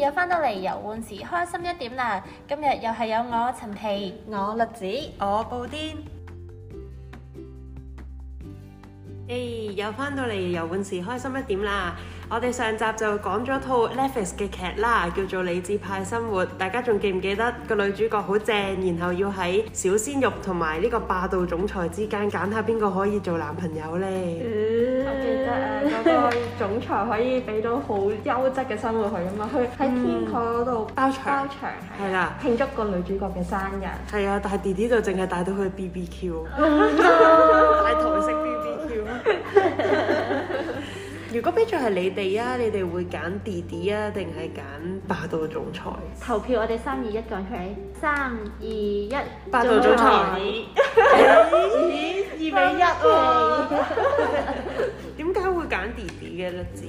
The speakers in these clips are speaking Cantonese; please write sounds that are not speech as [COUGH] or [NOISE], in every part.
又返到嚟遊玩時，開心一點啦！今日又係有我陳皮、嗯，我栗子，我布甸。誒、欸，又返到嚟遊玩時，開心一點啦！我哋上集就講咗套 Netflix 嘅劇啦，叫做《理智派生活》，大家仲記唔記得個女主角好正，然後要喺小鮮肉同埋呢個霸道總裁之間揀下邊個可以做男朋友呢？嗯、我記得啊，嗰、嗰個總裁可以俾到好優質嘅生活佢啊嘛，佢喺天台嗰度包場，係啦場，啊啊、慶祝個女主角嘅生日。係啊，但係弟弟就淨係帶到去 BBQ，oh、no! [LAUGHS] 帶台式 BBQ。 [LAUGHS] [LAUGHS] 如果比賽係你哋啊，你哋會揀弟弟 d 啊，定係揀霸道總裁？投票，我哋三二一講出嚟，三二一，霸道總裁。咦，二 [LAUGHS] 比一喎、啊，點 [LAUGHS] 解會揀弟弟嘅，律子？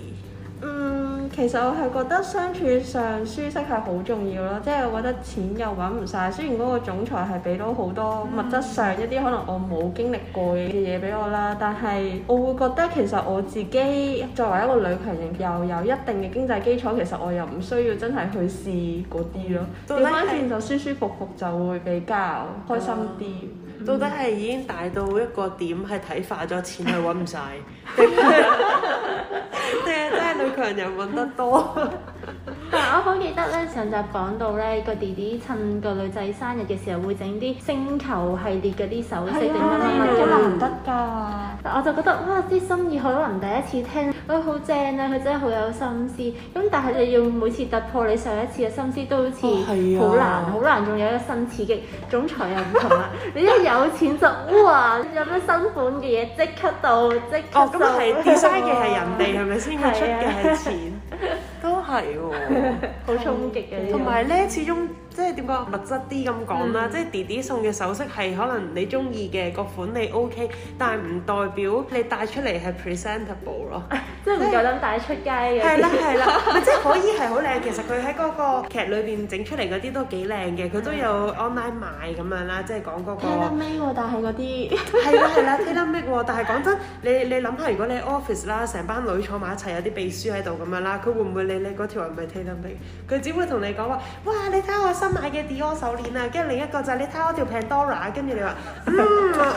嗯。其實我係覺得相處上舒適係好重要咯，即係我覺得錢又揾唔晒。雖然嗰個總裁係俾到好多物質上一啲可能我冇經歷過嘅嘢俾我啦，但係我會覺得其實我自己作為一個女強人，又有一定嘅經濟基礎，其實我又唔需要真係去試嗰啲咯。調翻轉就舒舒服服就會比較開心啲。啊嗯、到底係已經大到一個點係睇化咗錢係揾唔晒。 [LAUGHS] [LAUGHS] [LAUGHS] 強人問得多。但我好記得咧，上集講到咧，個弟弟 d 趁個女仔生，生日嘅時候會整啲星球系列嘅啲首飾，整啲咩，一粒唔得㗎。我就覺得哇啲、啊、心意可能第一次聽，覺得好正啊，佢、嗯、真係好有心思。咁、嗯、但係你要每次突破你上一次嘅心思，都好似好難，好、哦啊、難，仲有一個新刺激。總裁又唔同啦， [LAUGHS] 你一有錢就哇，有咩新款嘅嘢即刻到即刻收。哦，咁係 design 嘅係人哋係咪先？出嘅係係喎，好衝擊嘅，同埋咧， [LAUGHS] 始終。即係點講物質啲咁講啦，即係弟弟送嘅首飾係可能你中意嘅個款你 OK，但係唔代表你戴出嚟係 presentable 咯，即係唔夠膽戴出街嘅，啲。係啦係啦，即係可以係好靚，其實佢喺嗰個劇裏邊整出嚟嗰啲都幾靚嘅，佢都有 online 賣咁樣啦，即係講嗰個。但係嗰啲係啦係啦，TaylorMade 喎，但係講真，你你諗下如果你 office 啦，成班女坐埋一齊有啲秘書喺度咁樣啦，佢會唔會理你你嗰條唔係 TaylorMade？佢只會同你講話，哇！你睇我。新買嘅 Dior 手鏈啊，跟住另一個就係你睇我條 Pandora，跟住你話、嗯，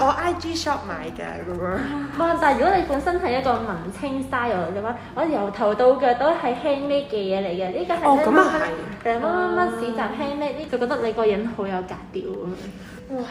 我 IG shop 買嘅咁樣。哇！但係如果你本身係一個文青 style 嘅話，我由頭到腳都係 handmade 嘅嘢嚟嘅，呢個係咧，乜乜乜市集 handmade，就覺得你個人好有格調咁、啊、樣。哇！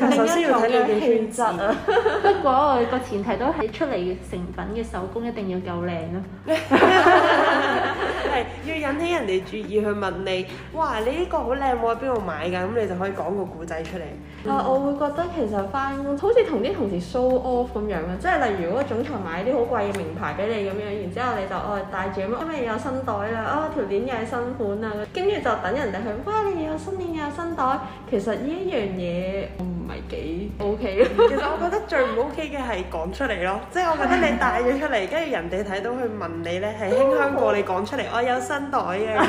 但係、嗯、本首先要睇你嘅氣質啊。 [LAUGHS] 不過個前提都係出嚟成品嘅手工一定要夠靚咯、啊。 [LAUGHS] [LAUGHS] 引起人哋注意去問你，哇！你呢個好靚，冇？喺邊度買㗎？咁你就可以講個古仔出嚟。啊，我會覺得其實翻工，好似同啲同事 show off 咁樣啊，即係例如個總裁買啲好貴嘅名牌俾你咁樣，然之後你就哦、哎、帶住咁，今日有新袋啦，哦條鏈又係新款啊，跟住就等人哋去，哇！你又有新鏈又有新袋。其實呢一樣嘢我唔係幾 OK 其實我覺得。 [LAUGHS] 最唔 OK 嘅係講出嚟咯，即係我覺得你帶咗出嚟，跟住 [LAUGHS] 人哋睇到佢問你咧，係輕香過你講出嚟，我有、哦哦、有新袋嘅，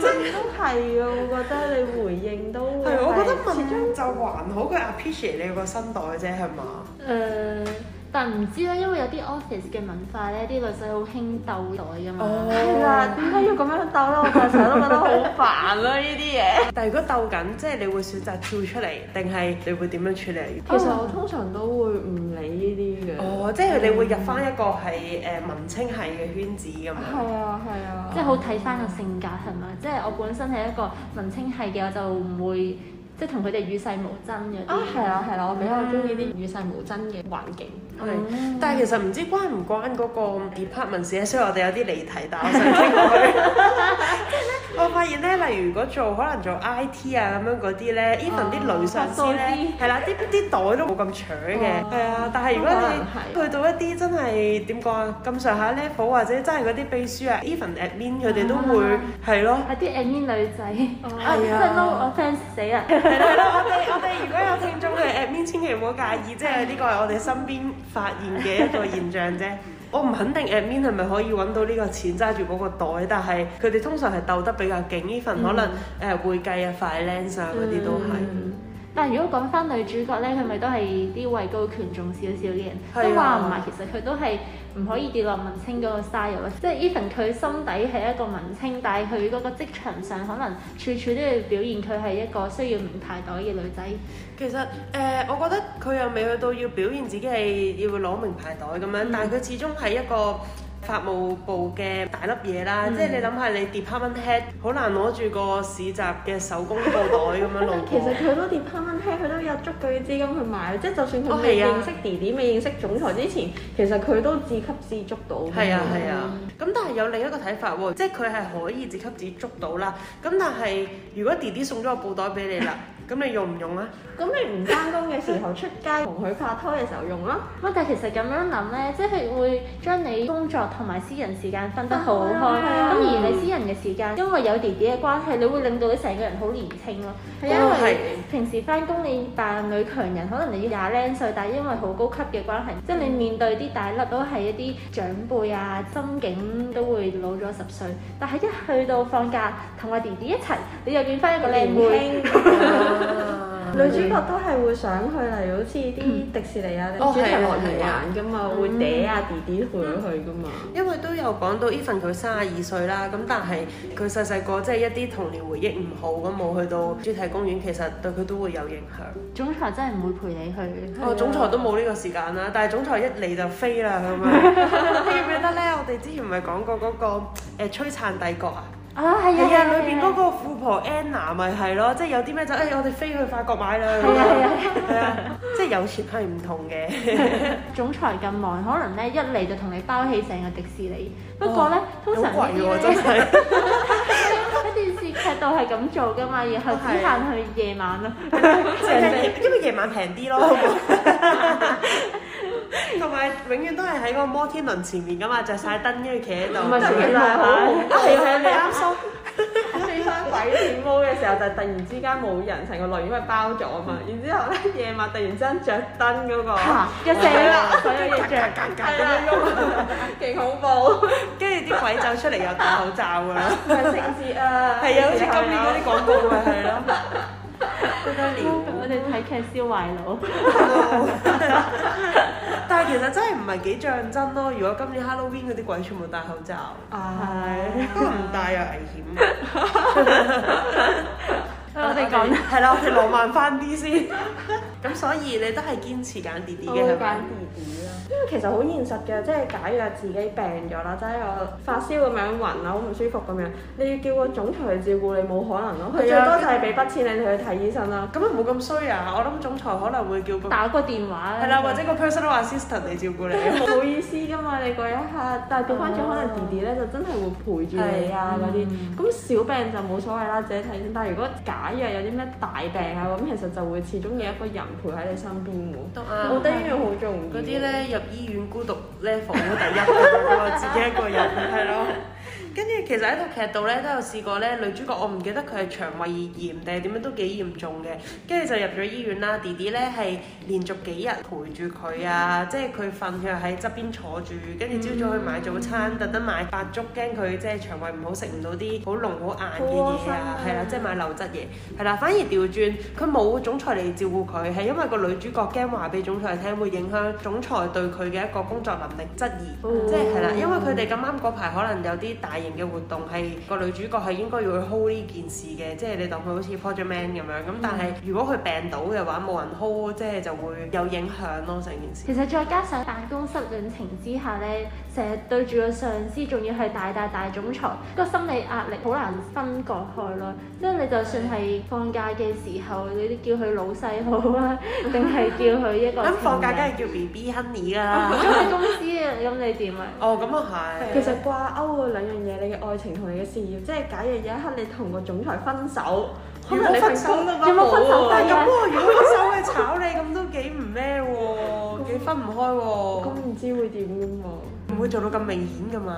即係都係啊！我覺得你回應都係，我覺得問中就還好，佢 appreciate 你個新袋啫，係嘛？誒、呃。但唔知咧，因為有啲 office 嘅文化咧，啲女仔好興鬥袋㗎嘛。係、哦、啊，點解要咁樣鬥咧？我成日都覺得好煩啦呢啲嘢。但係如果鬥緊，即係你會選擇跳出嚟，定係你會點樣處理？其實我通常都會唔理呢啲嘅。哦，哦哦即係你會入翻一個係誒文青系嘅圈子㗎嘛？係、嗯、啊，係啊。即係好睇翻個性格係嘛？即係、嗯即係、我本身係一個文青系嘅，我就唔會。即係同佢哋與世無爭嘅。啊係啊係啊，我比較中意啲與世無爭嘅環境。係，但係其實唔知關唔關嗰個 department 事啊，所以我哋有啲離題，但我想清楚。即係咧，我發現咧，例如如果做可能做 IT 啊咁樣嗰啲咧，even 啲女上司咧，係啦，啲啲袋都冇咁搶嘅。係啊，但係如果你去到一啲真係點講啊咁上下 level 或者真係嗰啲秘書啊，even admin 佢哋都會係咯。係啲 admin 女仔，啊 fans 死啊！係啦，我哋我哋如果有聽眾嘅 admin，千祈唔好介意，即係呢個係我哋身邊發現嘅一個現象啫。我唔肯定 admin 係咪可以揾到呢個錢揸住嗰個袋，但係佢哋通常係鬥得比較勁。呢份可能誒會計啊、finance 啊嗰啲都係。但係如果講翻女主角呢，佢咪都係啲位高權重少少嘅人，都話唔係，其實佢都係唔可以跌落文青嗰個 style 咯。即係 even 佢心底係一個文青，但係佢嗰個職場上可能處處都要表現佢係一個需要名牌袋嘅女仔。其實誒、呃，我覺得佢又未去到要表現自己係要攞名牌袋咁樣，但係佢始終係一個。法務部嘅大粒嘢啦，嗯、即係你諗下，你 department head 好難攞住個市集嘅手工布袋咁樣攞 [LAUGHS] 其實佢攞 department head，佢都有足夠嘅資金去買，即係就算同佢認識 d 弟,弟、未、哦啊、認,認識總裁之前，其實佢都自給自足到。係啊係啊，咁、啊啊、但係有另一個睇法喎，即係佢係可以自給自足到啦。咁但係如果弟弟送咗個布袋俾你啦。 [LAUGHS] 咁你用唔用啊？咁你唔翻工嘅時候出街同佢 [LAUGHS] 拍拖嘅時候用咯。哇！ [LAUGHS] 但係其實咁樣諗呢，即係會將你工作同埋私人時間分得好開。咁 [LAUGHS] 而你私人嘅時間，因為有弟弟嘅關係，你會令到你成個人好年青咯。 [LAUGHS] 因為平時翻工你扮女強人，可能你要廿零歲，但係因為好高級嘅關係，即係 [LAUGHS] 你面對啲大粒都係一啲長輩啊，心境都會老咗十歲。但係一去到放假同我弟弟一齊，你又變翻一個靚妹。啊、女主角都係會想去，例如好似啲迪士尼啊，主題樂園嚟玩噶嘛會嗲下弟弟陪佢去噶嘛。因為都有講到 even 佢三十二歲啦，咁但係佢細細個即係一啲童年回憶唔好咁冇去到主題公園，其實對佢都會有影響。總裁真係唔會陪你去。哦，總裁都冇呢個時間啦，但係總裁一嚟就飛啦，係咪、嗯？你記唔記得咧？我哋之前唔係講過嗰、那個誒《璀、呃、璨、呃、帝國》啊？啊，係啊！係啊，裏面嗰個富婆 Anna 咪係咯，即係有啲咩就誒，我哋飛去法國買啦咁樣，係啊，啊，即係有錢係唔同嘅。總裁咁忙，可能咧一嚟就同你包起成個迪士尼。不過咧，通常好貴喎，真係。喺電視劇度係咁做㗎嘛，然後只限去夜晚啊，因為夜晚平啲咯。同埋永遠都係喺個摩天輪前面㗎嘛，着晒燈跟住企喺度，唔係前面係咪？係啊，你啱心。四山鬼片嘅時候就突然之間冇人，成個樂園因為包咗啊嘛。然之後咧夜晚突然間着燈嗰個，又醒啦，所有嘢著，係啊，勁恐怖。跟住啲鬼走出嚟又戴口罩㗎啦，係聖節啊！係啊，好似今年啲廣告啊，係咯。好多年，我哋睇劇燒壞腦。但係其實真係唔係幾像真咯。如果今年 Halloween 嗰啲鬼全部戴口罩，係 [LAUGHS] 唉，不過唔戴又危險 [NOISE] 我哋講，係啦，我哋浪漫返啲先。 [LAUGHS] [LAUGHS] 咁所以你都係堅持揀弟弟嘅係咪？揀弟弟啦，因為其實好現實嘅，即係假如自己病咗啦，即係我發燒咁樣暈啊，好唔舒服咁樣，你要叫個總裁去照顧你，冇可能咯。係最多就係俾筆錢你哋去睇醫生啦，咁又冇咁衰啊！我諗總裁可能會叫個打個電話，係啦，或者個 personal assistant 嚟照顧你，唔好意思噶嘛，你嗰一下，但係做翻轉可能弟弟咧就真係會陪住你啊嗰啲。咁、嗯、小病就冇所謂啦，自己睇醫生。但係如果假若有啲咩大病啊，咁其實就會始終有一個人。陪喺你身邊，好得啊！好啲好重嗰啲咧入醫院孤獨咧房屋第一， [LAUGHS] 自己一個人係 [LAUGHS] 咯。跟住其實喺套劇度咧都有試過咧，女主角我唔記得佢係腸胃炎定係點樣都幾嚴重嘅，跟住就入咗醫院啦。弟弟咧係連續幾日陪住佢啊，即係佢瞓佢喺側邊坐住，跟住朝早去買早餐，特登買白粥，驚佢即係腸胃唔好食唔到啲好濃好硬嘅嘢啊，係啦、哦，即係、就是、買流質嘢，係啦，反而調轉佢冇總裁嚟照顧佢，係因為個女主角驚話俾總裁聽會影響總裁對佢嘅一個工作能力質疑，即係係啦，因為佢哋咁啱嗰排可能有啲大嘅活動係個女主角係應該要去 hold 呢件事嘅，即係你當佢好似 project man 咁樣。咁但係如果佢病倒嘅話，冇人 hold，即係就會有影響咯成件事。其實再加上辦公室戀情之下呢，成日對住個上司，仲要係大大大總裁，個心理壓力好難分割開咯。即係你就算係放假嘅時候，你都叫佢老細好啊，定係叫佢一個。咁放假梗係叫 BB Honey 啦。咁喺公司咁你點啊？哦，咁啊係。其實掛鈎嘅兩樣嘢。你嘅愛情同你嘅事業，即係假如有一刻你同個總裁分手，有冇分手都啊？冇。但係咁、啊、如果分手去炒你，咁都幾唔咩喎？幾分唔開喎、啊？咁唔知會點㗎唔會做到咁明顯㗎嘛？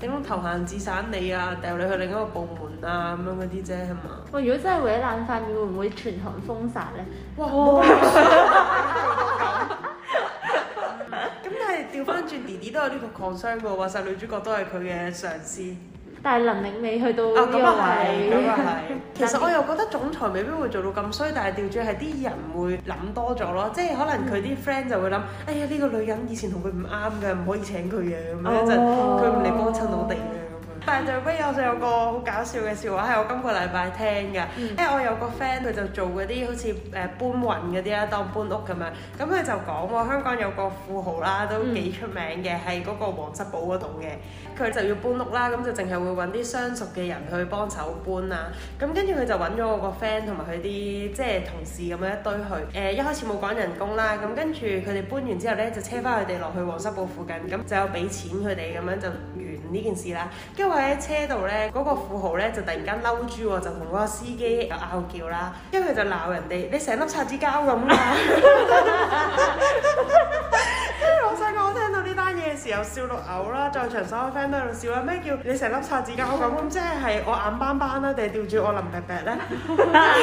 點樣投閒置散你啊？掉你去另一個部門啊？咁樣嗰啲啫係嘛？哇！如果真係為咗攬塊面，會唔會全行封殺咧？哇！ [LAUGHS] 哇 [LAUGHS] 狂傷喎，話曬女主角都係佢嘅上司，但係能力未去到、哦。啊咁啊係，咁啊係。 [LAUGHS] 其實我又覺得總裁未必會做到咁衰，但係調轉係啲人會諗多咗咯。即係可能佢啲 friend 就會諗，嗯、哎呀呢、呢個女人以前同佢唔啱嘅，唔可以請佢嘅，咁樣一陣，佢唔嚟幫襯我哋但就最尾我就有個好搞笑嘅笑話，係我今個禮拜聽嘅。因為、嗯、我有個 friend，佢就做嗰啲好似誒搬運嗰啲啦，當搬屋咁樣。咁、嗯、佢、嗯、就講喎，香港有個富豪啦，都幾出名嘅，係嗰個黃室寶嗰度嘅。佢就要搬屋啦，咁就淨係會揾啲相熟嘅人去幫手搬啊。咁跟住佢就揾咗我個 friend 同埋佢啲即係同事咁樣一堆去。誒、呃，一開始冇講人工啦，咁跟住佢哋搬完之後咧，就車翻佢哋落去黃室寶附近，咁就有俾錢佢哋咁樣就。呢件事啦，跟住喺車度咧，嗰、那個富豪咧就突然間嬲住，就同嗰個司機拗撬啦，跟住佢就鬧人哋，你成粒擦紙膠咁啦、啊。 [LAUGHS] [LAUGHS] 笑到嘔啦！在場所有 friend 都喺度笑啦。咩叫你成粒擦紙膠咁？即係我眼斑斑啦、啊，定係吊住我林伯伯咧？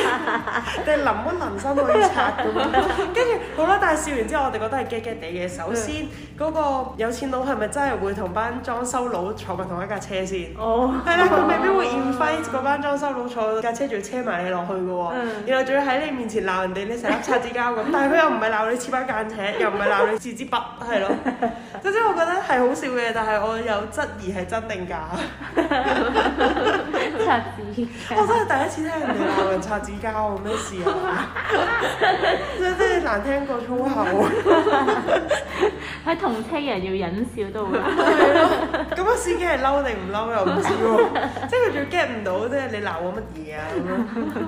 定 [LAUGHS] 係淋乜淋身去擦嘅咩？跟住 [LAUGHS] 好啦，但係笑完之後，我哋覺得係驚驚地嘅。首先，嗰、嗯、個有錢佬係咪真係會同班裝修佬坐埋同一架車先？哦，係啦，佢未必會 invite 嗰班裝修佬坐架車，仲要車埋你落去嘅喎。然後仲要喺你面前鬧人哋，你成粒擦紙膠咁。但係佢又唔係鬧你似把間尺，又唔係鬧你似支筆，係咯。總之、啊啊、我覺得係。係好笑嘅，但係我有質疑係真定假。擦 [LAUGHS] 紙膠我真係第一次聽人哋鬧人刷紙膠嘅咩事啊！ [LAUGHS] 真真係難聽過粗口。喺 [LAUGHS] [LAUGHS] 同車人要忍笑都好。係 [LAUGHS] 咯、啊，咁、嗰個司機係嬲定唔嬲又唔知喎， [LAUGHS] [LAUGHS] 即係佢仲 get 唔到即係你鬧我乜嘢啊？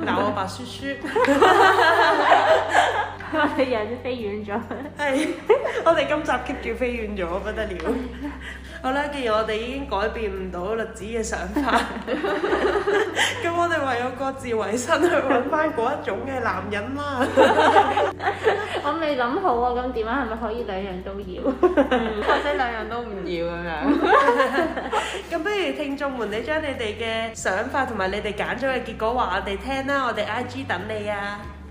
鬧我白雪雪。 [LAUGHS] [LAUGHS] [NOISE] 我哋又飛遠咗，係 [LAUGHS] [LAUGHS] 我哋今集 keep 住飛遠咗，不得了。 [LAUGHS] 好啦，既然我哋已經改變唔到栗子嘅想法，咁 [LAUGHS] [LAUGHS] 我哋唯有各自為生去揾翻嗰一種嘅男人啦。 [LAUGHS] [LAUGHS] 我未諗好啊，咁點啊？係咪可以兩樣都要， [LAUGHS] [LAUGHS] 或者兩樣都唔要咁樣？咁 [LAUGHS] [LAUGHS] 不如聽眾們，你將你哋嘅想法同埋你哋揀咗嘅結果話我哋聽啦，我哋 IG 等你啊！